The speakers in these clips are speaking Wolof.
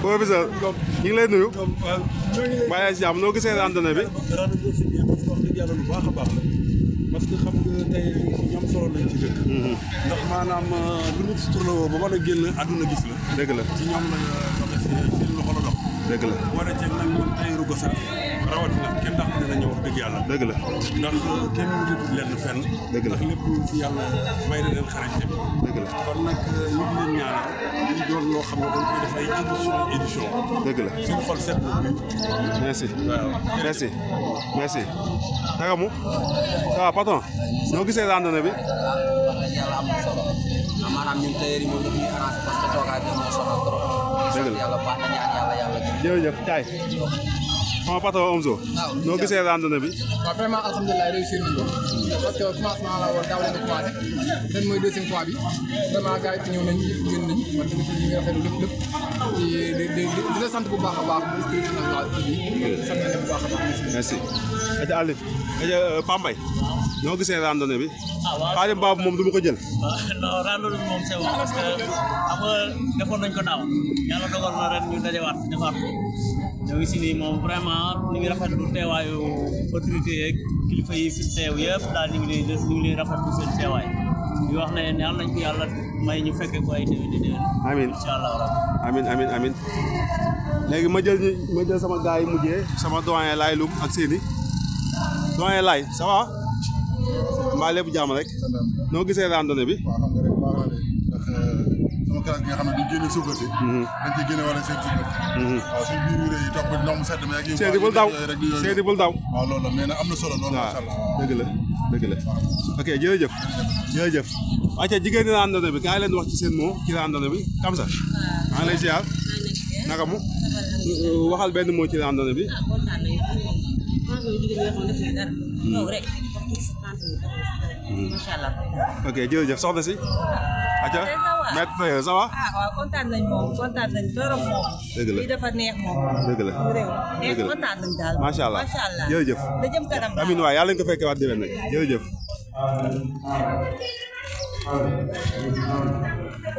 professeur ñu ngi lay nuyu. waaye si jàmm noo gisee randonnée bi. randonnée bi wax baax a baax la parce que xam nga tey ñoom solo lañ ci dëkk. Mhm. ndax maanaam euh, lu mu suturloo ba war a génn àdduna gis la. dëgg la ci ñoom la doxee euh, si loxo la dox. dëgg la war a ceeb nag ñoom ay rugosaat. rawatina dëgg yàlla. dëgg la ndax kenn fenn. dëgg la ndax lépp fi yàlla may set na merci merci merci. naka mu ça va patron noo gisee randonnée bi. maanaam ñun tailleur yi sama patron Omzo. waaw gisee randonnée bi. waaw la woon daaw bi a a baax. merci. Aja Alif Aja euh, Pambay. noo gisee randonnée bi. ah waaw xaaral baabu moom du ma ko jël. non randonnée bi moom c'est bon parce que xam nga daaw ko. ñoo ngi si nii moom vraiment ñu ngi rafetlu teewaayu autorité yeeg kilifa yi fi teew yëpp daal ñu ngi leen ñu ngi leen rafetlu seen ne yal nañ ko yàlla may ñu fekke ko ay déwén di déwén. amiin incha allah amiin amiin amiin léegi ma jël ñu jël sama gars yi mujjee sama doyen laay lum ak seeni doyen laay ça va mbaa lépp jàmm rek noo gisee randonnée bi. doomu classe bi nga xam ne mhm. dañ génne suukar si dañ ciy génne wala seen suukar mhm. waaw suñ biir yuré yi topp ndox mu sedd ma ak yi seedi bul daw seedi bul daw waaw loolu la am na solo loolu macha allah dëgg la dëgg la ok jërëjëf jërëjëf acca jigéen ñi randonnée bi kaay bi kam sa lay ziar naka waxal benn moo ci randonnée bi ah, Mm. ok jërëjëf soxna si. aca ah, maître Faye ça va. Ah, waaw kontaan nañ moom kontaan nañ torop moom. dëgg la lii dafa dëgg la dëgg la eh, kontaan nañ daal. macha allah macha allah jërëjëf. ko fekkee waat déwén nag jërëjëf.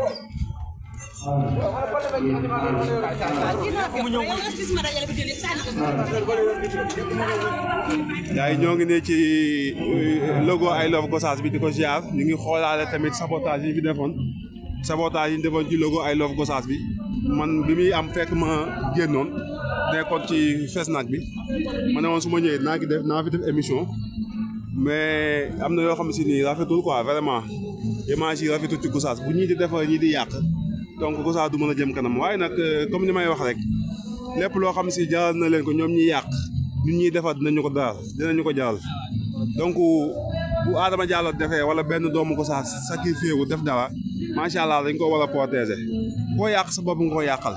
Oh. yaay ñoo ngi ne ci euh, logo I love Gossas bi di ko ziar ñu ngi xoolaale tamit sabotage yi fi defoon sabotage yi ñu defoon ci logo I love Gossas bi man bi muy am fekk ma génnoon nekkoon ci fees naaj bi ma ne woon su ma ñëwee naa ki def naa fi def émission mais am na yoo xam si ni rafetul quoi vraiment image yi rafetul ci Gossas bu ñu di defar ñii di yàq donc Gossas du mën a jëm kanam waaye nag euh, comme ni may wax rek lépp loo xam si jaaral na leen ko ñoom ñi yàq ñun ñuy defar dinañu ko daal ñu ko jaal donc bu Adama Diallo defee wala benn doomu Gossas sacrifié wu def dara macha allah dañ ko war a protéger koo yàq sa bopp nga ko yàqal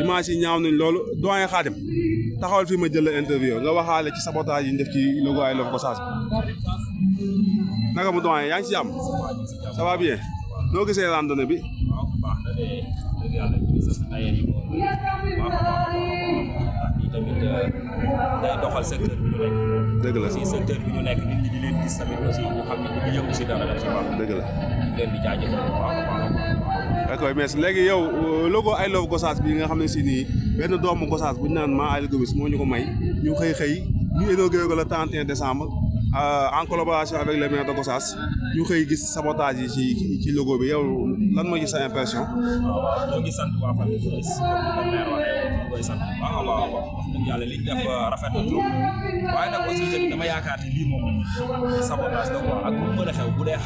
image yi ñaaw nañ loolu doyen Xaadim taxawal fii ma jël interview nga waxaale ci sabotage yi ñu def ci logo ay logo Gossas bi naka yaa ngi si am ça va bien noo gisee randonnée bi. defee dëgg yàlla ñu ngi sant tailleur yi moom baax a baax a baax ndax tamit day doxal secteur bi ñu nekk. dëgg la aussi secteur bi ñu nekk nit ñi di leen gis tamit aussi ñu xam ne ñu ngi yëngu si dara def si baax. dëgg la ñu leen di jaajëfal bu baax a baax a baax. d'accord merci léegi yow euh, logo I love Gossas bi nga xam ne si nii benn doomu Gossas bu ñu naan maa Aliou Gomis moo ñu ko may ñu xëy xëy ñu inauguré ko le 31 décembre euh, en collaboration avec le maire de Gossas ñu xëy gis sabotage yi ci ci logo bi yow. lan sa impression. waaw waaw ñoo ngi sant waa famille Flores comme ni ko a baax euh, na trop waaye nag aussi tamit dama yaakaar ni lii moom sabotage la quoi ak lu mu mën a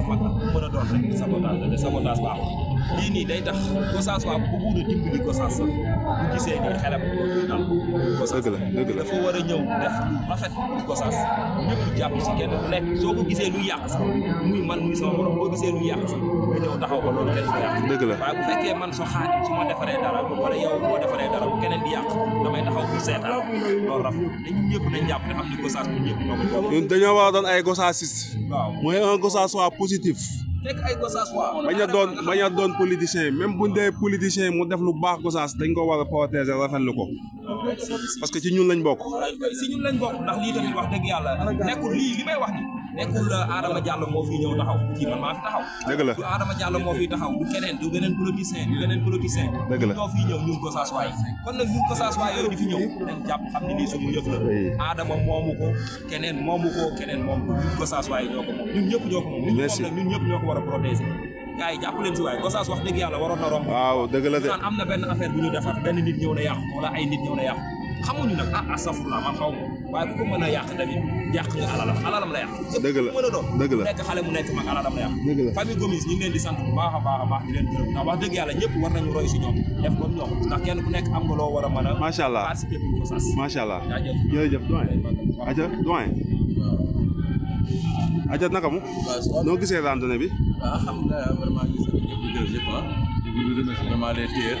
a la te sabotage baaxul lii nii day tax Gossas waa bu bëggoon a dimbali Gossas bu gisee nii xelam dootul dal. dëgg la dëgg la dafa war a ñëw def lu rafet Gossas ñëpp jàpp si kenn ku soo ko gisee lu yàq sax muy man muy sama morom boo gisee lu yàq sax. nga ñëw la ma defaree dara wala yow boo defaree dara bu keneen na gosaas bu ñëpp ñoo doon ay gosaasiste mooy un gosaas soit positif nekk doon bañ a doon politicien même buñ dee politicien mu def lu baax gosaas dañ ko war a protéger rafetlu ko parce que ci ñun lañ bokk si ñun lañ bokk ndax lii tamit wax dëgg yàlla nekkul lii li may wax ni nekkul euh, Adama Diallo moo fi ñëw taxaw kii man maa fi taxaw dëgg du Adama Diallo moo fi taxaw du keneen du beneen politicien du beneen politicien dëgg la ñoo fi ñëw ñun Gossas waay kon nag ñun Gossas waay yooyu di fi ñëw dañ jàpp xam ne lii suñu yëf la Adama ñun Gossas waay ñoo ko ñun ñëpp ñoo ko moom ñun ñëpp ñoo ko war a protéger gaay yi jàpp leen si waaye Gossas wax dëgg yàlla waroon na romb waaw dëgg la de am na benn affaire bu ñu defar benn nit ñëw na yàqu wala a nit ñëw waaye ku ko mën a yàq tamit yàq nga alalam alalam la yàq dëgg la mën a doon dëgg la nekk xale mu nekk mag alalam la yàq dëgg la famille Gomis ñu ngi leen di sant bu baax a baax a baax di leen gërëm ndax wax dëgg yàlla ñëpp war nañu roy si ñoom def comme ñoom ndax kenn ku nekk am nga loo war a mën a macha allah participer pour ko sas macha allah jërëjëf doyen aja doyen aja naka mu noo gisee randonnée bi waaw xam nga vraiment gis ñëpp di gërëm ñëpp ah di remercier vraiment les tiers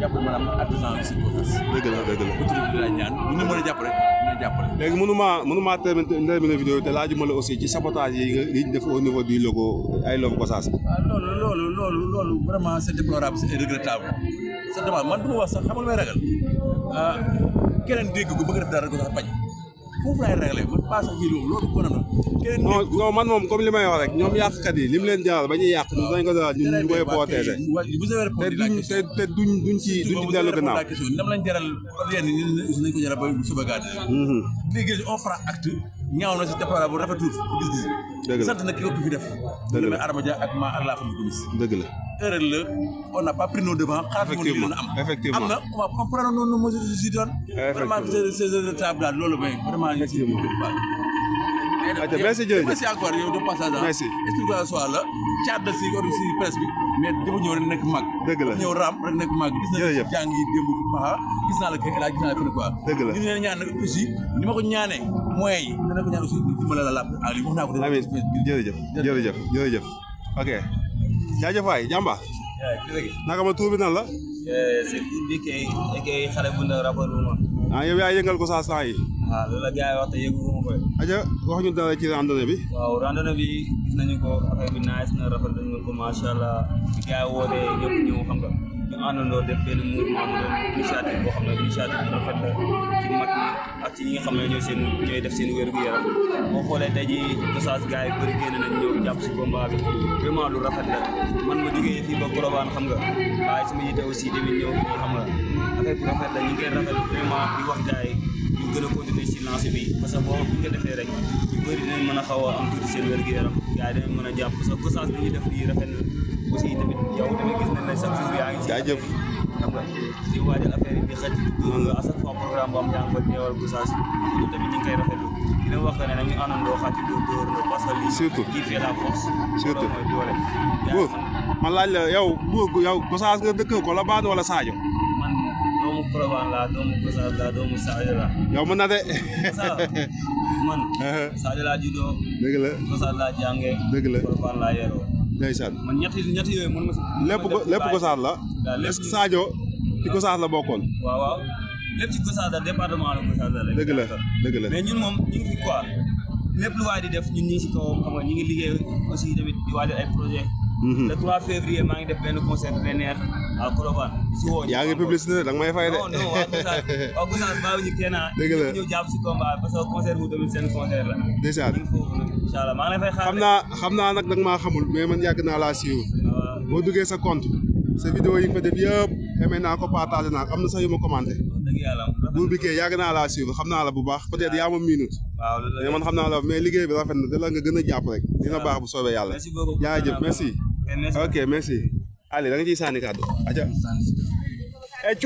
jàppale maanaam artisan si ko fas dëgg la dëgg la uti dina ñaan bu ñu mën a jàppale dina jàppale léegi mënumaa mënumaa aussi ci sabotage yi nga liñ def au niveau du logo ay logo Gossas waaw ah, loolu loolu loolu loolu vraiment c'est déplorable c'est regrettable c'est dommage man du ma wax sax xamal may ragal ah, keneen dégg ko bëgg def dara rek ko foofu laay réglé man pas sax moom comme li may wax rek ñoom yàqkat yi lim leen jaral ba ñuy yàq ñu dañ ko jaral ñu ñu koy protéger te duñ te te duñ duñ ci duñ ci dellu gannaaw question nam lañ ñaaw na si départ bu rafetul gis-gis. dëgg la na ki ko fi def. dëgg la Adama Dia ak ma Allah xam Gomis. dëgg la erreur la on n'a pas pris nos devants. effectivement effectivement am na waaw on prend noonu mesure de si doon. vraiment ces heures de table daal loolu mooy vraiment. effectivement merci jërëjëf merci encore ah. la. caat la si si bi. mais dafa ñëw rek nekk mag. dëgg la ñëw raam rek nekk mag. gis nañu si jàng yi démb fi paxa gis naa la kay laaj ñaan nag aussi ni ma ko ñaanee moyens yi dana ko ñaan aussi dimbala la laab ak li wax naa ko. amiin jërëjëf jërëjëf jërëjëf ok jaajëf waay la. sëñ bi eh, xale bu ndaw rapport bu ma. Ah, yaa yëngal ko saa saa yi. waaw ah, loolu aja wax ñu dara ci nañu ko affaire bi nice na rafetlu nañu ko macha allah gars yi wootee ñëpp ñëw xam nga ñu àndandoo def benn mouvement mu doon initiative boo xam initiative rafet la ci mag ñi ak ci ñi nga xam ne seen ñooy def seen wér gu yaram boo xoolee tey jii message gars yi bëri nañ ñëw jàpp si combat bi vraiment lu rafet la man ma ba xam nga sama aussi xam nga bu rafet la ñu ngi rafet vraiment di wax ñu continuer bi parce que bu rek ñu dinañ am seen gu yaram gars yi dañu a jàpp sa gosaas na aussi tamit yow tamit gis sa jour yaa ngi ci jaajëf xam nga euh, dëkk ko la baat wala Sadio doomu Colobane na de man uh-huh. dëgg la Gossas laa jàngee. dëgg la Colobane laa yeroo. ndeysaan man ñetti ñetti yooyu mën ma si. lépp go lépp Gossas la. est-ce que Sadio ci Gossas la bokkoon. waaw waaw lépp ci Gossas la département la Gossas la. dëgg la dëgg la mais ñun moom ñu ngi fi quoi lépp lu waay di def ñun ñu ngi si kawam xam nga ñu ngi liggéey aussi tamit di waajal ay projet mhm. le 3 février maa ngi def benn concert plein air. waaw yaa ngi publicité de danga may fay de. non non ah. xam naa xam naa nag danga maa xamul mais man yàgg naa laa siiw. boo duggee sa compte. sa vidéo yi nga fa def yëpp aimé naa ko partagé naa am na sax yu ma commenté. dëgg yàlla bu yàgg naa laa suivre xam naa la bu baax peut-être yaa ma minute. waaw man xam naa la mais liggéey bi rafet na da la nga gën a jàpp rek. dina baax bu soobee yàlla. merci beaucoup jaajëf ok merci. Ali da nga ciy sànni kàddu aja eh,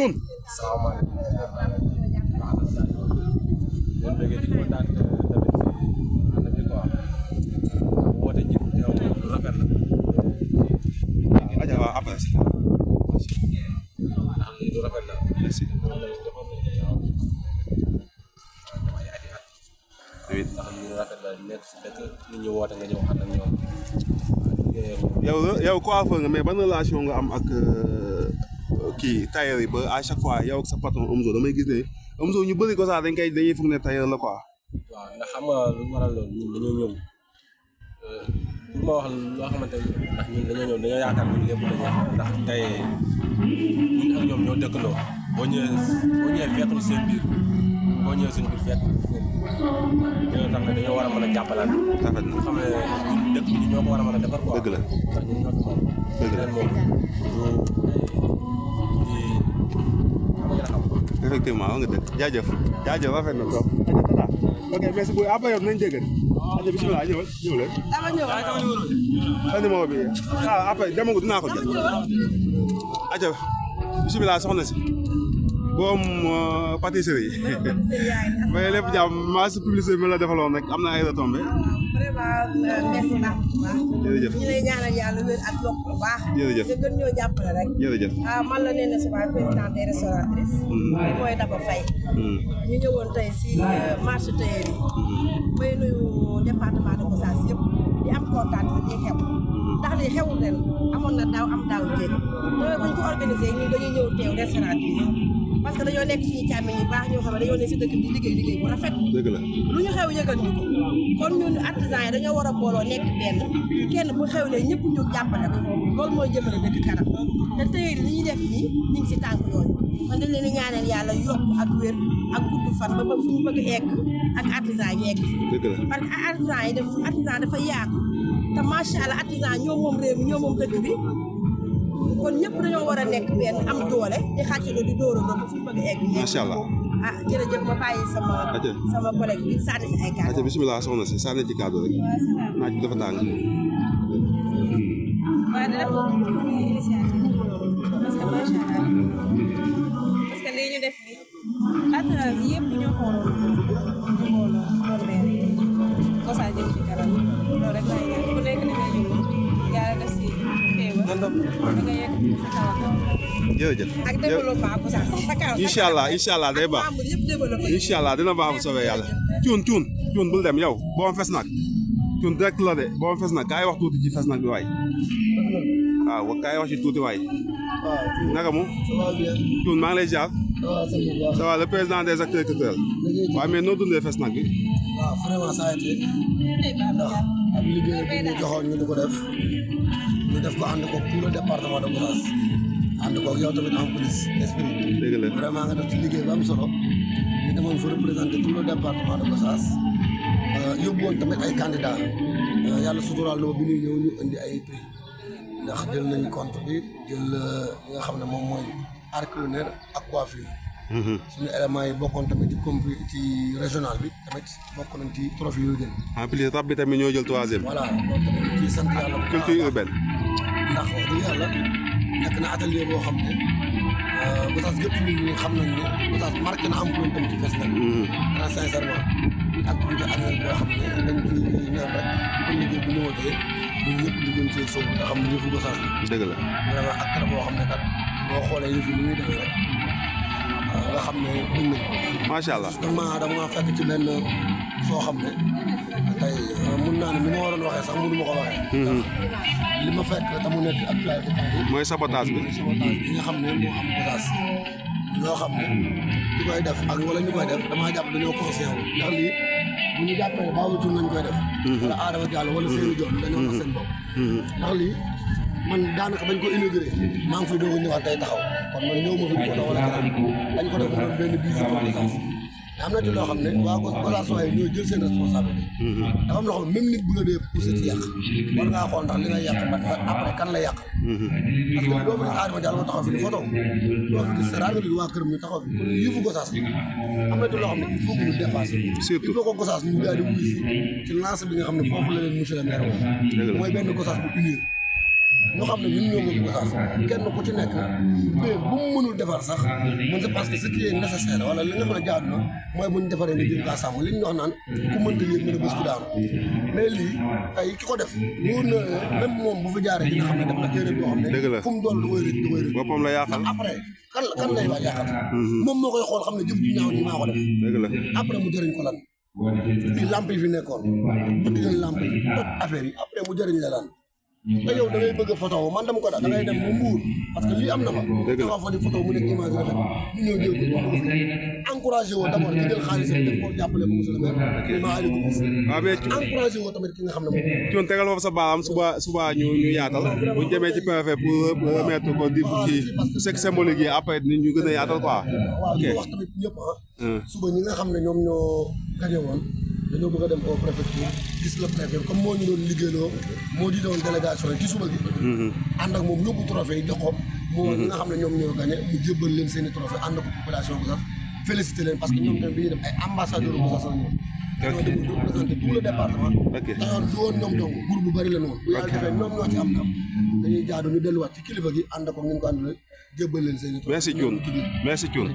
yow yow coiffeur nga mais ban relation nga am ak eh, kii tailleur yi ba à chaque fois yow ak sa patron Omzo damay gis ne Omzo ñu bëri ko sax dañ koy dañuy foog ne tailleur la quoi. waaw ndax xam nga lu waral loolu ñun dañoo ñëw eh, pour ma wax loo xamante ni ndax ñun dañoo ñëw dañoo yaakaar ñun lépp la ñu xam ndax tey ñun ak ñoom ñoo dëkkandoo boo ñëwee boo ñëwee fekk seen biir. boo ñëwee suñ biir ñoo tax ne dañoo war a rafet na xam dëkk bi ñoo ko war a quoi dëgg la ndax ñun ñoo fi dëgg la effectivement nga dëgg jaajëf jaajëf rafet na trop ok merci beaucoup après yow nañ jégal aja bismillah ñëwal ñëwal dama ñëwal mo bi ah ko jël aja bismillah soxna boom pâtisserie yi. mais lépp jàmm maa si publicité la defaloon rek am na ay retombées. Ah, vraiment euh, merci naa bu baax. jërëjëf ah, mm-hmm. ñu lay mm-hmm. euh, rek. Mm-hmm. may nuyu département de Gossas yëpp di am kontaan di xew. ndax li xewul ren amoon na daaw am daaw jéeg te buñ ko organisé ñun dañuy ñëw teew restauratrice parce que dañoo nekk suñu càmmiñ yu baax ñoo xam dañoo ne si dëkk bi liggéey liggéey bu rafet dëgg la ñu xew yëgal ñu ko kon ñun artisan yi dañoo war a booloo nekk benn kenn bu xewlee ñëpp ñu ñu ngi si tànk man dañ leen di yàlla yokk ak wér ak gudd fan ba ba fu ñu bëgg egg ak artisan yi egg dëgg la artisan yi dafa yaatu te artisan ñoo moom réew mi moom dëkk bi kon ñëpp dañoo war a nekk benn am doole di xàccandoo di dóorandoo ba fu mu bëgg a egg. macha allah ah jërëjëf ma bàyyi sama. sama collègue bi sànni si ay kàddu. bisimilah soxna si sànni ci jërëjëf. ak développement Gossas. incha allah incha allah day baax incha cuun cuun cuun bul dem yow boo fes nag cuun direct la de boo fes nag kaay wax tuuti ci fes nag bi waay waaw kaay wax ci tuuti waay. naka mu. cuun maa ngi lay ziar. ça va le président des acteurs culturels. waaw mais noo dundee fes nag di ànd koog yow tamit am police esprit. dëgg la vraiment nga def ci liggéey bu am solo. ñu demoon fa représenté tout le département de Gossas. Euh, yóbbu euh, yàlla suturaal na ma bi ñuy ñëw ñu indi ay prix. ndax jël nañ compte bi jël euh, li nga xam ne moom mooy art culinaire ak coiffure. Mm-hmm. suñu éléments yi bokkoon tamit ci comp ci régional bi tamit bokk nañ ci trophée yu gën. en plus rab bi tamit ñoo jël troisième. voilà ci sant yàlla. culture urbaine. ndax wax yàlla. لكن عاد اللي يبغوا خمو بطاس قلت من خمن بطاس مارك نعم كل بنت فسنا انا سايسر ما نتاكد انا خمن بنت نعم كل اللي بنو دي من اللي بنت سو خم ني في بطاس دغ لا انا اكثر بو خمن كات بو خولي ني في ني دغ nga xam ne mën nañ macha allah dama dama fekk ci benn foo xam ne tey mun naa ne ni ma waroon waxee sax mënu ma ko waxee. Hmm. li ma fekk te mu nekk actualité bi. mooy sabotage bi mooy sabotage bi nga xam ne moo am bagage yoo xam ne hmm. ñu koy def ak wala ñu koy def damaa jàpp dañoo conseillé wu ndax lii bu ñu jàppee baaxutul lañ koy def. Hmm. wala Adama Diallo wala Seydou Dior dañoo tax seen bopp. ndax lii man daanaka bañ ko inauguré maa ngi fay doog tey taxaw kon man ñëw ma fi ñu ko doon wala dañ ko def mu doon benn biir am na ci loo xam ne waa coopération yi ñoo jël seen mm-hmm. dafa am loo xam ne même nit la dee poussé ci yàq mm-hmm. war ngaa xool ndax li ngay yàq man après kan la yàq. Mm-hmm. parce que boo fa aadama daal ma taxaw fi di photo doo fi gis saraar nga li waa kër mi taxaw fi kon yëfu gosaas am na di wuyu si ci bi nga xam ne foofu la leen monsieur le maire mooy benn gosaas bu unir ñu xam ne ñun ñoo moom Gossas kenn ku ci nekk mais bu mu mënul defar sax man je pense que ce qui est nécessaire wala li nga xam mooy bu ñu defaree nga jëm kaa sàmm li a bés ku daanu mais lii tey ki ko def wóor na moom bu fi jaaree dina xam ne def na erreur boo xam ne fu mu doon da koy rëcc da koy rëcc boppam la yaaxal après kan kan lay wax yaaxal mm-hmm. moom moo koy xool xam ne jëf ju ñaaw ko def la après mu jëriñ ko lan te yow da ngay bëgg photo man dama ko da ngay dem mu mbuur parce que lii am na fa dafa fa di photo mu nekk image rafet ñu ñëw jël di jël xaalis def ko le maire ma ali ko tamit ki nga xam ne moom Thione tegal foofu sa baam suba suba ñu ñu yaatal buñ demee ci préfet pour remettre ko di ci c'est symbolique yi après ñu gën a yaatal quoi waaw ñu wax ah suba ñi nga xam ne ñoom ñoo gañe woon dañoo bëgg a dem au préfecture gis la préfet comme moo ñu doon liggéeyloo moo jiite woon délégation yi ci suba gi ànd ak moom yóbbu trophée mhm. ñoo gagné mu jébbal leen seen i trophée ànd ak population bu sax félicité leen parce que ñoom tamit dañuy def ay ambassadeur bu sax sax ñoom ñoo dem pour représenter tout le ci am delluwaat ci kilifa gi ànd ak ngeen ko àndale jébbal leen seen i trophée merci Thioune merci Thioune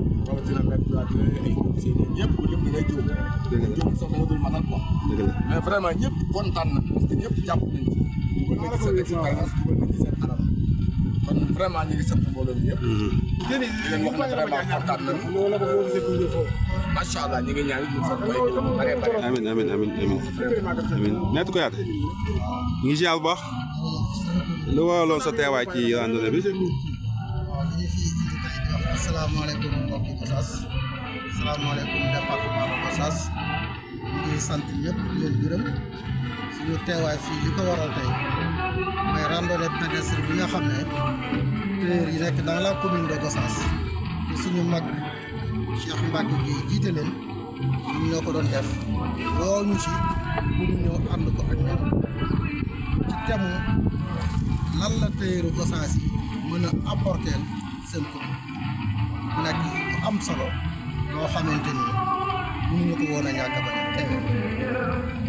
rawatina benn plateau ay seen ñëpp lépp da ngay jiw. dëgg la jiw sax danga dul matal quoi. dëgg la mais vraiment ñëpp kontaan na parce que ñëpp jàpp nañ kon vraiment ñu ngi sant mbooloo bi mm-hmm. na vraiment kontaan nañu. macha allah ñu ngi ñaan ñu fa koy bare bare. lu waraloon sa teewaay ci randonnée bi. salaamaaleykum mbokki Gossas salaamaaleykum département de Gossas ñu ngi sant ñëpp leen gërëm suñu teewaay fii li ko waral tey mooy randonnée pédestre bi nga xam ne téer yi nekk dans la commune de Gossas te suñu mag Cheikh Mbacke gi jiite leen ñun ñoo ko def woo ci pour ñëw ànd ko ak ñoom ci thème lan la téeru Gossas yi mën a apporter seen commune mu nekk lu am solo loo xamante ni mënuñu ko woon a ñàkk ba teewe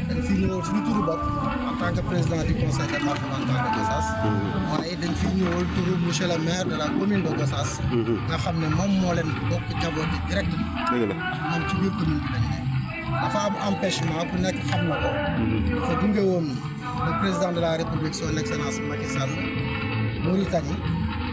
dañ fi ñëwal suñu turu bopp en tant président du conseil départemental de Gossas mm-hmm. waaye dañ fi ñëwal turu monsieur le maire de la commune de Gossas mm-hmm. nga xam ne moom moo leen bokk jabooti directement dëgg la moom ci biir dafa am empêchement ku nekk xam na ko mm-hmm. dafa gunge woon président de la république son excellence Macky Sall Mauritanie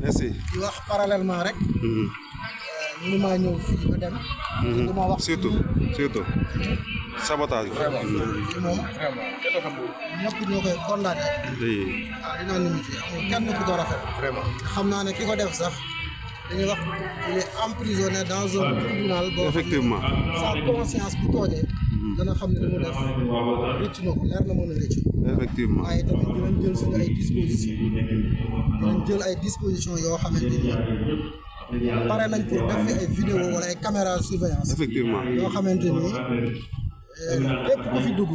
merci. di wax parallèlement rek. Mm-hmm. Euh, mënu maa ñëw fii ba dem. Mm-hmm. du ma mm-hmm. moom vraiment ñëpp koy condamné. ah dinaa ni kenn ku ko xam naa ne ki ko def sax dañuy wax il est emprisonné dans un tribunal. boo xam conscience bu toojee. dana xam ne mu def rëcc ko leer na mën a rëcc. effectivement waaye tamit dinañ jël suñu ay disposition dinañ jël ay disposition yoo xamante ni pare nañ pour def ay vidéo wala ay caméra surveillance. effectivement yoo xamante ni bépp eh, ko fi dugg.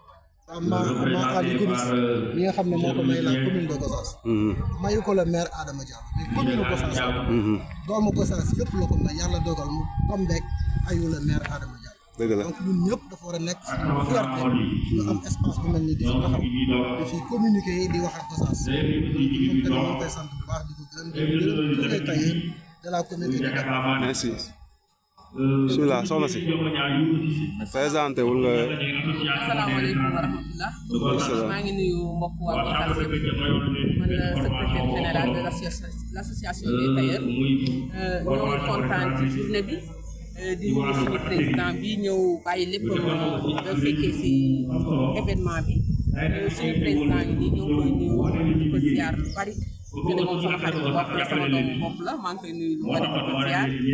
ama a Aliou Gomis mi nga xam ne moo ko may la commune de Gossas mm-hmm. ko la maire Adama Diallo mais commune Gossas mm-hmm. doomu Gossas yëpp la ko may yàlla ayu la maire Adama Diallo dëgg la donc ñun ñëpp dafa war a nekk suñu fierté ñu am espace bu mel ni di fi taxaw di fi communiquer di wax ak Gossas moom tamit ñu ngi koy sant bu baax di ko gërëm di gërëm di koy taye de la commune de Dakar bisimilah soxna si présenté wul nga. asalaamaaleykum wa rahmatulah. maa ngi nuyu mbokk waa Moussa Diop la secrétaire général de l' association des tailleurs euh, ñoo ngi ci journée bi euh, di nuyu suñu président bi ñëw bàyyi lépp nga fekkee si événement bi euh, suñu président bi ñu ngi koy nuyu di ko ziar lu bu ko moom sama xarit la wax sama doomu bopp la maa ngi koy nuyu lu bari di ko ziar lii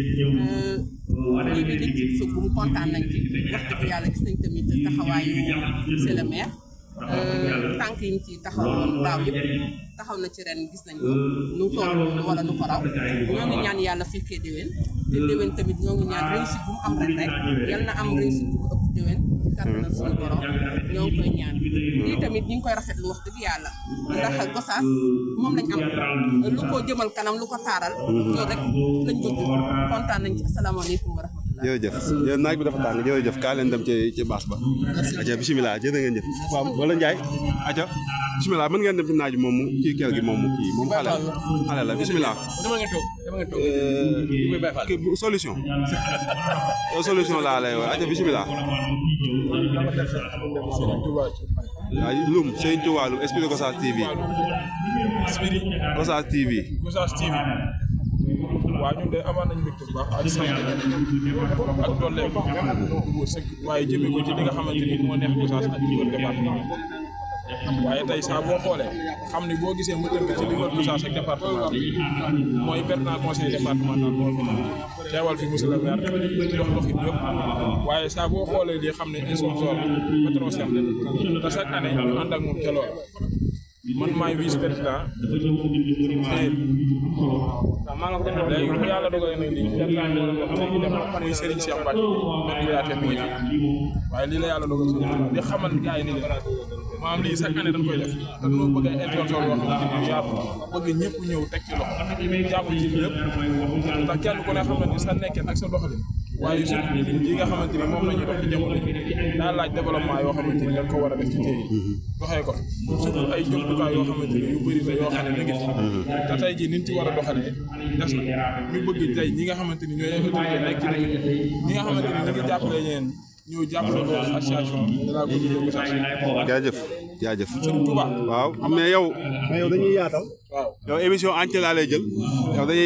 euh, di liggéey bu kontaan nañ ci wax dëgg yàlla gis nañ tamit taxawaayu monsieur le maire Euh, tànk yi ñu ci taxawoon daaw yëpp taxaw na ci ren gis nañ ko euh, nu toll wala nu ko raw ñoo ngi ñaan yàlla fekkee déwén euh, te déwén tamit ñoo ngi ñaan ah, réussite bu mu am rek yal na am réussite bu ko ëpp déwén kàttanal suñu borom ñoo koy ñaan lii tamit ñu ngi koy rafetlu wax dëgg yàlla ndax gosaas moom lañ am lu ko jëmal kanam lu ko taaral loolu rek lañ jóg kontaan nañ ci asalaamaaleykum wa jërëjëf jërëjëf naaj bi dafa tàng jërëjëf kaa leen dem ci baas ba aca bisimilah jërë ngeen jëf waaw wala Ndiaye aca bisimilah mën ngeen dem ci naaj bi moom mu kii kër gi moom mu kii moom xale xale la bisimilah euh, solution euh, solution laa lay wax aca bisimilah waaw Loum Sëñ Tuubaa TV waaw ñun de amaan nañu mbégte bu baax ak sant ak dooleeku waaye jëmee ko ci li nga xamante ni moo neex Gossas ak li wër département waaye tey saa xoolee xam ni boo gisee mu tënk ci li wër Gossas ak département mooy pertinent conseil départemental moo fi teewal fi monsieur le maire jox dox it yëpp waaye saa xoolee lii xam ne sponsor pétrosem la te chaque année ñu ànd ak moom ca man maay vice président ah, maa nga ko defee léegi bu yàlla dogalee nag liñ jàppale ne moom dañuy def fan yii Serigne mooy lii la yàlla dogal si di xamal gars yi ni leen maanaam lii chaque année koy def te noo bëgg ay intervention yoo xam ne yaatu bëgg ñëpp ñëw teg ci loxo jàpp ci lépp ndax kenn ku ne xam ne sa nekkin ak sa doxalin. waaye li nga xamante ni moom la ñuy dox ci jamono daa laaj développement yoo xamante ni da nga ko war a def ci tey doxee ko surtout ay jumtukaay yoo xamante ni yu bëri la yoo ñu a doxalee bëgg tey ñi nga xamante ni ñooy autorité nekk ci dëkk ñi nga xamante ni ñu ngi jàppale ñeen ñëw jàppale ko association danaa ko ñu yóbbu sax jaajëf jaajëf sëñ Touba waaw mais yow mais yow dañuy yaatal yow émission entière jël yow dañuy